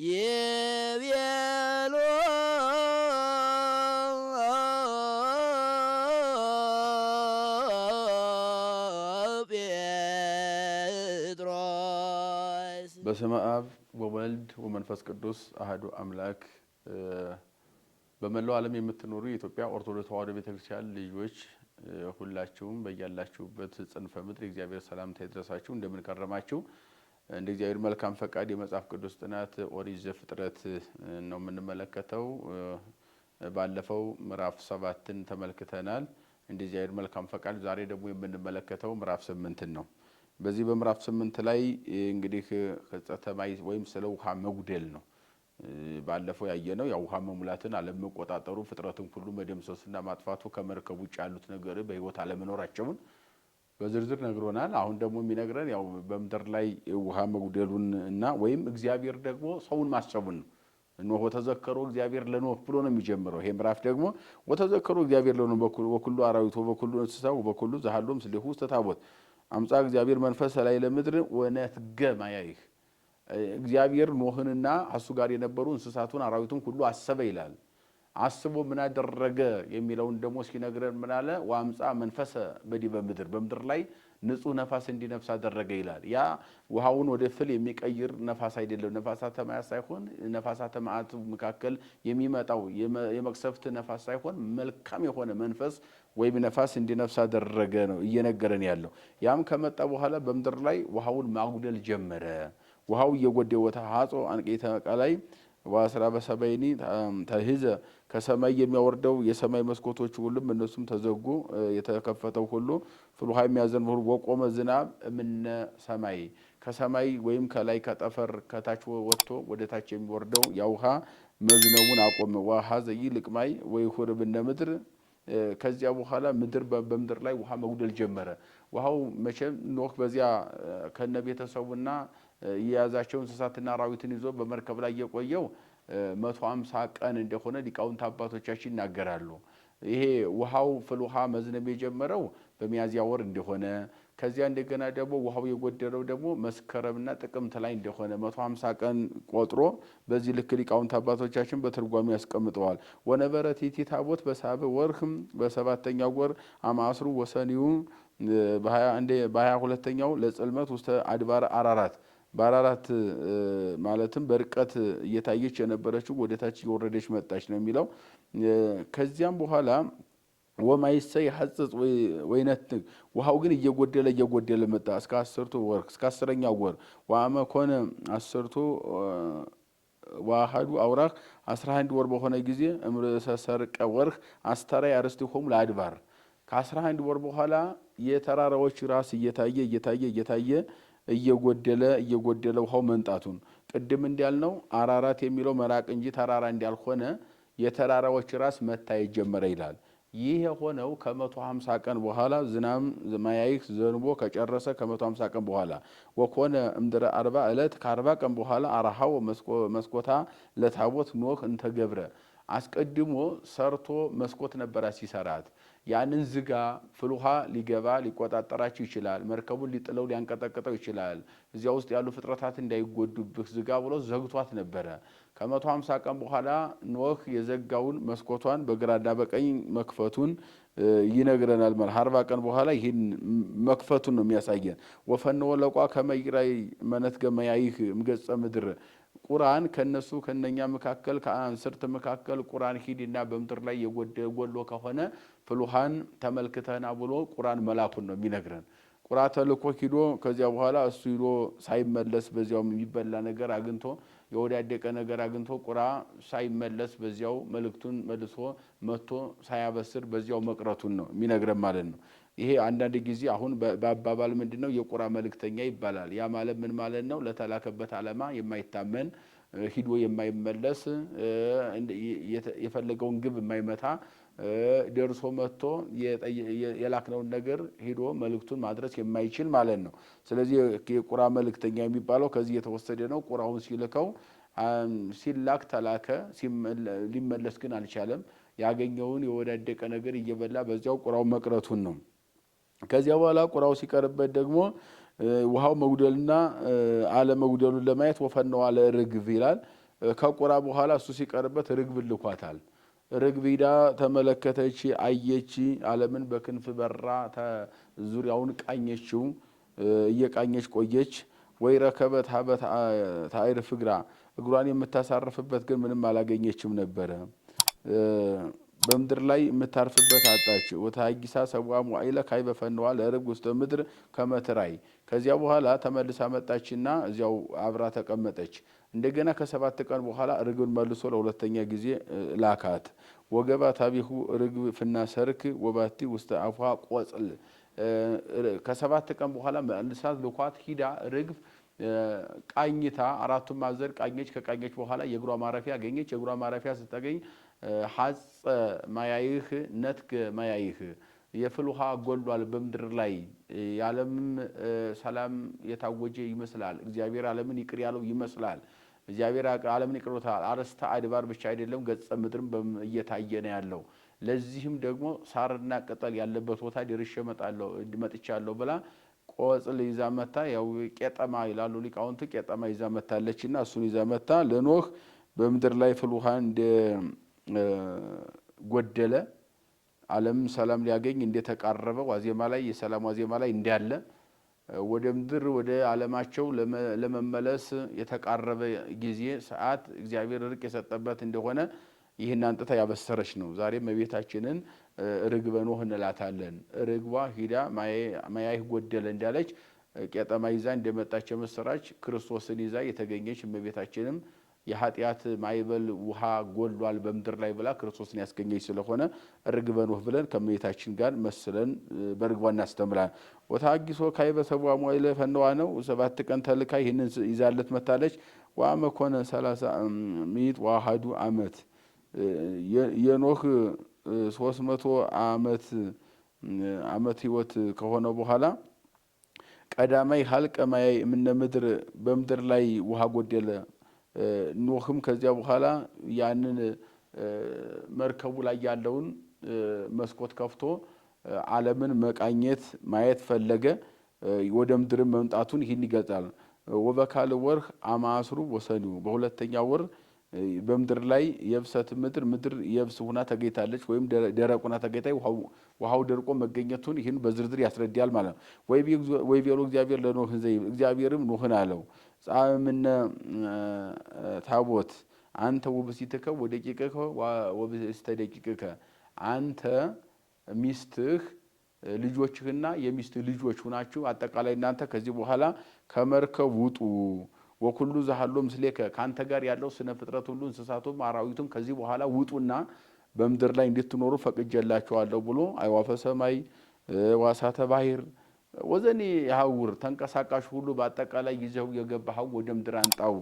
በስመ አብ ወወልድ ወመንፈስ ቅዱስ አህዱ አምላክ። በመላው ዓለም የምትኖሩ የኢትዮጵያ ኦርቶዶክስ ተዋሕዶ ቤተክርስቲያን ልጆች ሁላችሁም በያላችሁበት ጽንፈ ምድር የእግዚአብሔር ሰላምታ ይድረሳችሁ። እንደምን ከረማችሁ? እንደ እግዚአብሔር መልካም ፈቃድ የመጽሐፍ ቅዱስ ጥናት ኦሪት ዘፍጥረት ነው የምንመለከተው። ባለፈው ምዕራፍ ሰባትን ተመልክተናል። እንደ እግዚአብሔር መልካም ፈቃድ ዛሬ ደግሞ የምንመለከተው ምዕራፍ ስምንትን ነው። በዚህ በምዕራፍ ስምንት ላይ እንግዲህ ሕጸተ ማይ ወይም ስለ ውሃ መጉደል ነው። ባለፈው ነው ያው ውሃ መሙላትን አለመቆጣጠሩ፣ ፍጥረትን ሁሉ መደምሰስና ማጥፋቱ፣ ከመርከብ ውጭ ያሉት ነገር በህይወት አለመኖራቸውን በዝርዝር ነግሮናል። አሁን ደግሞ የሚነግረን ያው በምድር ላይ ውሃ መጉደሉን እና ወይም እግዚአብሔር ደግሞ ሰውን ማሰቡን ነው። ኖህ ወተዘከሮ እግዚአብሔር ለኖህ ብሎ ነው የሚጀምረው። ይሄ ምዕራፍ ደግሞ ወተዘከሮ እግዚአብሔር ለኖህ በኩሉ አራዊት ወበኩሉ እንስሳ ወበኩሉ ዘሃሎ ምስሌሁ ውስተ ታቦት አምጻ እግዚአብሔር መንፈስ ሰላይ ለምድር ወነትገ ማያይህ እግዚአብሔር ኖህንና አሱ ጋር የነበሩ እንስሳቱን አራዊቱን ሁሉ አሰበ ይላል። አስቦ ምን አደረገ የሚለውን ደግሞ ሲነግረን ምናለ ዋምፃ መንፈሰ በዲበ ምድር፣ በምድር ላይ ንጹህ ነፋስ እንዲነፍስ አደረገ ይላል። ያ ውሃውን ወደ ፍል የሚቀይር ነፋስ አይደለም፣ ነፋሳተ ማያ ሳይሆን ነፋሳተ መዓት መካከል የሚመጣው የመቅሰፍት ነፋስ ሳይሆን መልካም የሆነ መንፈስ ወይም ነፋስ እንዲነፍስ አደረገ ነው እየነገረን ያለው። ያም ከመጣ በኋላ በምድር ላይ ውሃውን ማጉደል ጀመረ። ውሃው እየጎደ እየጎደወተ ሀጾ አንቄተ ቃላይ ወአስራ በሰማይኒ ተሂዘ ከሰማይ የሚያወርደው የሰማይ መስኮቶች ሁሉም እነሱም ተዘጉ። የተከፈተው ሁሉ ፍልሃ የሚያዘን ሁሉ ወቆመ ዝናብ እምነ ሰማይ ከሰማይ ወይም ከላይ ከጠፈር ከታች ወጥቶ ወደ ታች የሚወርደው ያውሃ ውሃ መዝነቡን አቆመ። ወሀዘ ይልቅ ማይ ወይሁር እምነ ምድር ከዚያ በኋላ ምድር በምድር ላይ ውሃ መጉደል ጀመረ። ውሃው መቼም ኖህ በዚያ ከነ ቤተሰቡና የያዛቸው እንስሳትና አራዊትን ይዞ በመርከብ ላይ የቆየው መቶ አምሳ ቀን እንደሆነ ሊቃውንት አባቶቻችን ይናገራሉ። ይሄ ውሃው ፍል ውሃ መዝነብ የጀመረው በሚያዝያ ወር እንደሆነ ከዚያ እንደገና ደግሞ ውሃው የጎደለው ደግሞ መስከረምና ጥቅምት ላይ እንደሆነ መቶ ሀምሳ ቀን ቆጥሮ በዚህ ልክ ሊቃውንት አባቶቻችን በትርጓሜ ያስቀምጠዋል። ወነበረ ቲቲ ታቦት በሳብ ወርህም በሰባተኛው ወር አማስሩ ወሰኒው በሀያ ሁለተኛው ለጽልመት ውስተ አድባር አራራት ባላላት ማለትም በርቀት እየታየች የነበረችው ወደታች ታች እየወረደች መጣች ነው የሚለው። ከዚያም በኋላ ወማይሰይ ሐጽጽ ወይነትግ ውሃው ግን እየጎደለ እየጎደለ መጣ እስከ አስርቱ ወር እስከ አስረኛ ወር ዋመ ኮነ አስርቱ ዋሃዱ አውራክ አስራ አንድ ወር በሆነ ጊዜ እምርእሰ ሰርቀ ወርህ አስተራይ አርስቲ ሆሙ ለአድባር ከአስራ አንድ ወር በኋላ የተራራዎች ራስ እየታየ እየታየ እየታየ እየጎደለ እየጎደለ ውሃው መንጣቱን ቅድም እንዳልነው አራራት የሚለው መራቅ እንጂ ተራራ እንዳልሆነ የተራራዎች ራስ መታየት ጀመረ ይላል። ይህ የሆነው ከመቶ ሃምሳ ቀን በኋላ ዝናም ማያይክ ዘንቦ ከጨረሰ ከመቶ ሃምሳ ቀን በኋላ ወኮነ እምድረ አርባ ዕለት ከአርባ ቀን በኋላ አርሃው መስኮታ ለታቦት ኖህ እንተገብረ አስቀድሞ ሰርቶ መስኮት ነበራ ሲሰራት ያንን ዝጋ ፍል ውሃ ሊገባ ሊቆጣጠራቸው ይችላል። መርከቡን ሊጥለው ሊያንቀጠቅጠው ይችላል። እዚያ ውስጥ ያሉ ፍጥረታት እንዳይጎዱብህ ዝጋ ብሎ ዘግቷት ነበረ። ከመቶ ሃምሳ ቀን በኋላ ኖህ የዘጋውን መስኮቷን በግራና በቀኝ መክፈቱን ይነግረናል። ማለት አርባ ቀን በኋላ ይህን መክፈቱን ነው የሚያሳየን። ወፈንወ ወለቋ ከመይራይ መነት ገመያይህ እምገጸ ምድር ቁርአን ከነሱ ከነኛ መካከል ከአንስርት መካከል ቁርአን ሂድና በምድር ላይ የጎደ ጎሎ ከሆነ ፍሉሃን ተመልክተና ብሎ ቁራን መላኩን ነው የሚነግረን። ቁራ ተልኮ ሂዶ ከዚያ በኋላ እሱ ሂዶ ሳይመለስ በዚያው የሚበላ ነገር አግኝቶ የወዳደቀ ነገር አግኝቶ ቁራ ሳይመለስ በዚያው መልእክቱን መልሶ መጥቶ ሳያበስር በዚያው መቅረቱን ነው የሚነግረን ማለት ነው። ይሄ አንዳንድ ጊዜ አሁን በአባባል ምንድን ነው የቁራ መልእክተኛ ይባላል። ያ ማለት ምን ማለት ነው? ለተላከበት ዓላማ የማይታመን ሂዶ የማይመለስ የፈለገውን ግብ የማይመታ ደርሶ መጥቶ የላክነውን ነገር ሄዶ መልእክቱን ማድረስ የማይችል ማለት ነው። ስለዚህ የቁራ መልእክተኛ የሚባለው ከዚህ የተወሰደ ነው። ቁራውን ሲልከው ሲላክ ተላከ፣ ሊመለስ ግን አልቻለም። ያገኘውን የወዳደቀ ነገር እየበላ በዚያው ቁራው መቅረቱን ነው። ከዚያ በኋላ ቁራው ሲቀርበት ደግሞ ውሃው መጉደልና አለመጉደሉን ለማየት ወፈነው አለ ርግብ ይላል። ከቁራ በኋላ እሱ ሲቀርበት ርግብ ልኳታል። ርግቢዳ ተመለከተች፣ አየች፣ ዓለምን በክንፍ በራ ዙሪያውን ቃኘችው። እየቃኘች ቆየች። ወይ ረከበት ሀበት ታይር ፍግራ እግሯን የምታሳርፍበት ግን ምንም አላገኘችም ነበረ። በምድር ላይ የምታርፍበት አጣች። ወታጊሳ ሰዋ ሞአይለ ካይ በፈንዋ ለርግ ውስጥ ምድር ከመትራይ ከዚያ በኋላ ተመልሳ መጣችና እዚያው አብራ ተቀመጠች። እንደገና ከሰባት ቀን በኋላ ርግብን መልሶ ለሁለተኛ ጊዜ ላካት። ወገባ ታቢሁ ርግብ ሰርክ ወባቲ ውስጥ አፏ ቆጽል ከሰባት ቀን በኋላ መልሳት ልኳት ሂዳ ርግብ ቃኝታ አራቱን ማዕዘን ቃኘች። ከቃኘች በኋላ የእግሯ ማረፊያ አገኘች። የእግሯ ማረፊያ ስታገኝ ሐጸ ማያይህ ነትክ ማያይህ የፍል ውሃ ጎሏል በምድር ላይ የዓለምም ሰላም የታወጀ ይመስላል። እግዚአብሔር ዓለምን ይቅር ያለው ይመስላል። እግዚአብሔር ዓለምን ይቅርታል። አርእስተ አድባር ብቻ አይደለም ገጸ ምድርም እየታየ ነው ያለው። ለዚህም ደግሞ ሳርና ቅጠል ያለበት ቦታ ደርሼ መጥቻለሁ ብላ ቆጽል ይዛ መታ። ያው ቄጠማ ይላሉ ሊቃውንት። ቄጠማ ይዛ መታለች እና እሱን ይዛ መታ ለኖህ በምድር ላይ ፍል ውሃ እንደ ጎደለ፣ ዓለም ሰላም ሊያገኝ እንደተቃረበ ዋዜማ ላይ የሰላም ዋዜማ ላይ እንዳለ ወደ ምድር ወደ ዓለማቸው ለመመለስ የተቃረበ ጊዜ ሰዓት እግዚአብሔር እርቅ የሰጠበት እንደሆነ ይህን አንጥታ ያበሰረች ነው። ዛሬም እመቤታችንን ርግበ ኖህ እንላታለን። ርግቧ ሂዳ ማያይህ ጎደለ እንዳለች ቄጠማ ይዛ እንደመጣች የምስራች ክርስቶስን ይዛ የተገኘች እመቤታችንም የኃጢአት ማይበል ውሃ ጎሏል በምድር ላይ ብላ ክርስቶስን ያስገኘች ስለሆነ ርግበ ወፍ ብለን ከመቤታችን ጋር መስለን በርግቧ እናስተምራል። ወታጊሶ ካይ በሰቧ ሞይለ ፈነዋ ነው ሰባት ቀን ተልካ ይህንን ይዛለት መታለች። ዋመኮነ ሰላሳ ዋሃዱ አመት የኖህ ሶስት መቶ አመት አመት ህይወት ከሆነ በኋላ ቀዳማይ ሀልቀ ማያይ እምነ ምድር በምድር ላይ ውሃ ጎደለ ኖህም ከዚያ በኋላ ያንን መርከቡ ላይ ያለውን መስኮት ከፍቶ ዓለምን መቃኘት ማየት ፈለገ። ወደ ምድር መምጣቱን ይህን ይገልጻል። ወበካል ወርህ አማስሩ ወሰኒው በሁለተኛ ወር በምድር ላይ የብሰት ምድር ምድር የብስ ሁና ተገኝታለች ወይም ደረቅ ሁና ተገኝታ ውሃው ደርቆ መገኘቱን ይህን በዝርዝር ያስረዳል ማለት ነው። ወይ ቤሎ እግዚአብሔር ለኖህን ዘይ እግዚአብሔርም ኖህን አለው ጻምነ ታቦት አንተ ወብእሲትከ ወደቂቅከ ወብእስተ ደቂቅከ አንተ ሚስትህ ልጆችህና የሚስትህ ልጆች ሁናችሁ አጠቃላይ እናንተ ከዚህ በኋላ ከመርከብ ውጡ። ወኩሉ ዛሃሎ ምስሌከ ከአንተ ጋር ያለው ስነ ፍጥረት ሁሉ እንስሳቱም አራዊቱም ከዚህ በኋላ ውጡና በምድር ላይ እንድትኖሩ ፈቅጀላቸዋለሁ ብሎ አይዋፈ ሰማይ ዋሳተ ባሕር ወዘኔ ሀውር ተንቀሳቃሽ ሁሉ በአጠቃላይ ይዘው የገባኸው ወደ ምድር አንጣው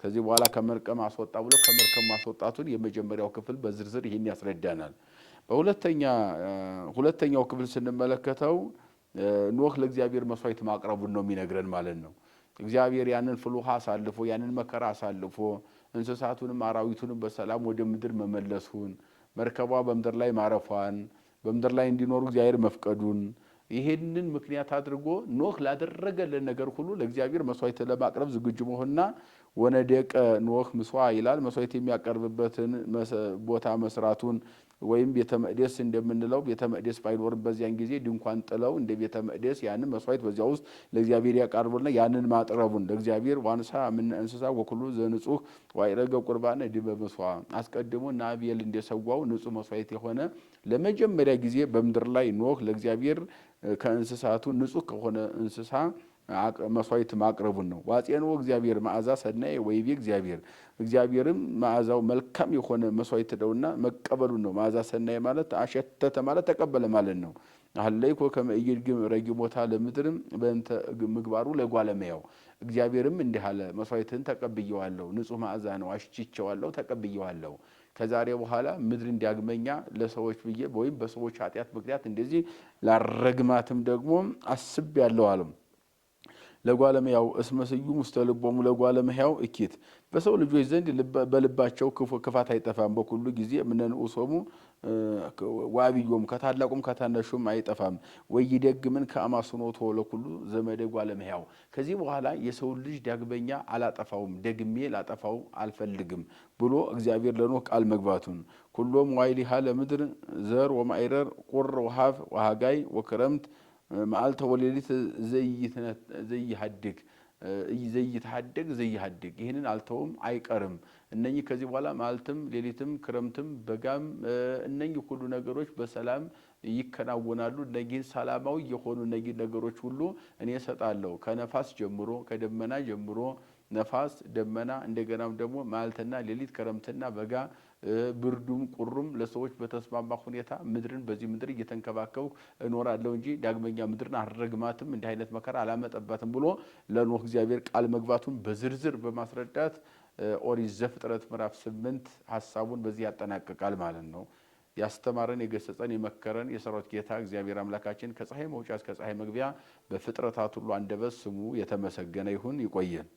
ከዚህ በኋላ ከመርከም አስወጣ ብሎ ከመርከብ ማስወጣቱን የመጀመሪያው ክፍል በዝርዝር ይህን ያስረዳናል። በሁለተኛ ሁለተኛው ክፍል ስንመለከተው ኖህ ለእግዚአብሔር መስዋዕት ማቅረቡን ነው የሚነግረን ማለት ነው። እግዚአብሔር ያንን ፍልውሃ አሳልፎ ያንን መከራ አሳልፎ እንስሳቱንም አራዊቱንም በሰላም ወደ ምድር መመለሱን፣ መርከቧ በምድር ላይ ማረፏን፣ በምድር ላይ እንዲኖሩ እግዚአብሔር መፍቀዱን ይሄንን ምክንያት አድርጎ ኖህ ላደረገልን ነገር ሁሉ ለእግዚአብሔር መስዋዕት ለማቅረብ ዝግጁ መሆንና ወነደቀ ኖህ ምስዋ ይላል መስዋዕት የሚያቀርብበትን ቦታ መስራቱን ወይም ቤተ መቅደስ እንደምንለው ቤተ መቅደስ ባይኖር በዚያን ጊዜ ድንኳን ጥለው እንደ ቤተ መቅደስ ያንን መስዋዕት በዚያ ውስጥ ለእግዚአብሔር ያቀርቡና ያንን ማጥረቡን ለእግዚአብሔር ዋንሳ ምን እንስሳ ወኩሉ ዘንጹህ ዋይረገ ቁርባን ዲበ መስዋ አስቀድሞ እና እንደሰዋው ንጹህ መስዋዕት የሆነ ለመጀመሪያ ጊዜ በምድር ላይ ኖህ ለእግዚአብሔር ከእንስሳቱ ንጹህ ከሆነ እንስሳ መስዋዕት ማቅረቡን ነው። ዋፄን እግዚአብሔር መዓዛ ሰናይ ወይቤ እግዚአብሔር እግዚአብሔርም መዓዛው መልካም የሆነ መስዋዕት ደውና መቀበሉን ነው። መዓዛ ሰናይ ማለት አሸተተ ማለት ተቀበለ ማለት ነው። አለይኮ ከመ ኢይድግም ረጊሞታ ለምድርም በእንተ ምግባሩ ለጓለመያው እግዚአብሔርም እንዲህ አለ፣ መስዋዕትን ተቀብየዋለሁ፣ ንጹህ መዓዛ ነው፣ አሽችቸዋለሁ፣ ተቀብየዋለሁ። ከዛሬ በኋላ ምድር እንዲያግመኛ ለሰዎች ብዬ ወይም በሰዎች ኃጢአት ምክንያት እንደዚህ ላረግማትም ደግሞ አስቤያለሁ አለም ለጓለም ያው እስመ ስዩም ውስተ ልቦሙ ለጓለም ያው እኪት በሰው ልጆች ዘንድ በልባቸው ክፋት አይጠፋም፣ በኩሉ ጊዜ ምነንኡሶሙ ዋቢዮም ከታላቁም ከታናሹም አይጠፋም። ደግምን ምን ከአማስኖቶ ለኩሉ ዘመደ ጓለም ያው ከዚህ በኋላ የሰው ልጅ ዳግመኛ አላጠፋውም፣ ደግሜ ላጠፋው አልፈልግም ብሎ እግዚአብሔር ለኖህ ቃል መግባቱን ኩሎም ዋይሊሃ ለምድር ዘር ወማይረር ቁር ውሃፍ ወሃጋይ ወክረምት መዓልተ ወሌሊት ዘይሀድግ ዘይተሀደግ ዘይሀድግ ይህንን አልተውም አይቀርም። እነኚህ ከዚህ በኋላ መዓልትም ሌሊትም ክረምትም በጋም እነኚህ ሁሉ ነገሮች በሰላም ይከናወናሉ። እነጊህን ሰላማዊ የሆኑ እነጊህ ነገሮች ሁሉ እኔ እሰጣለሁ። ከነፋስ ጀምሮ ከደመና ጀምሮ ነፋስ፣ ደመና እንደገናም ደግሞ መዓልትና ሌሊት ክረምትና በጋ ብርዱም ቁሩም ለሰዎች በተስማማ ሁኔታ ምድርን በዚህ ምድር እየተንከባከቡ እኖራለሁ እንጂ ዳግመኛ ምድርን አልረግማትም፣ እንዲህ አይነት መከራ አላመጠባትም ብሎ ለኖህ እግዚአብሔር ቃል መግባቱን በዝርዝር በማስረዳት ኦሪት ዘፍጥረት ምዕራፍ ስምንት ሀሳቡን በዚህ ያጠናቅቃል ማለት ነው። ያስተማረን የገሰጸን የመከረን የሰራዊት ጌታ እግዚአብሔር አምላካችን ከፀሐይ መውጫ እስከ ፀሐይ መግቢያ በፍጥረታት ሁሉ አንደበት ስሙ የተመሰገነ ይሁን። ይቆየን።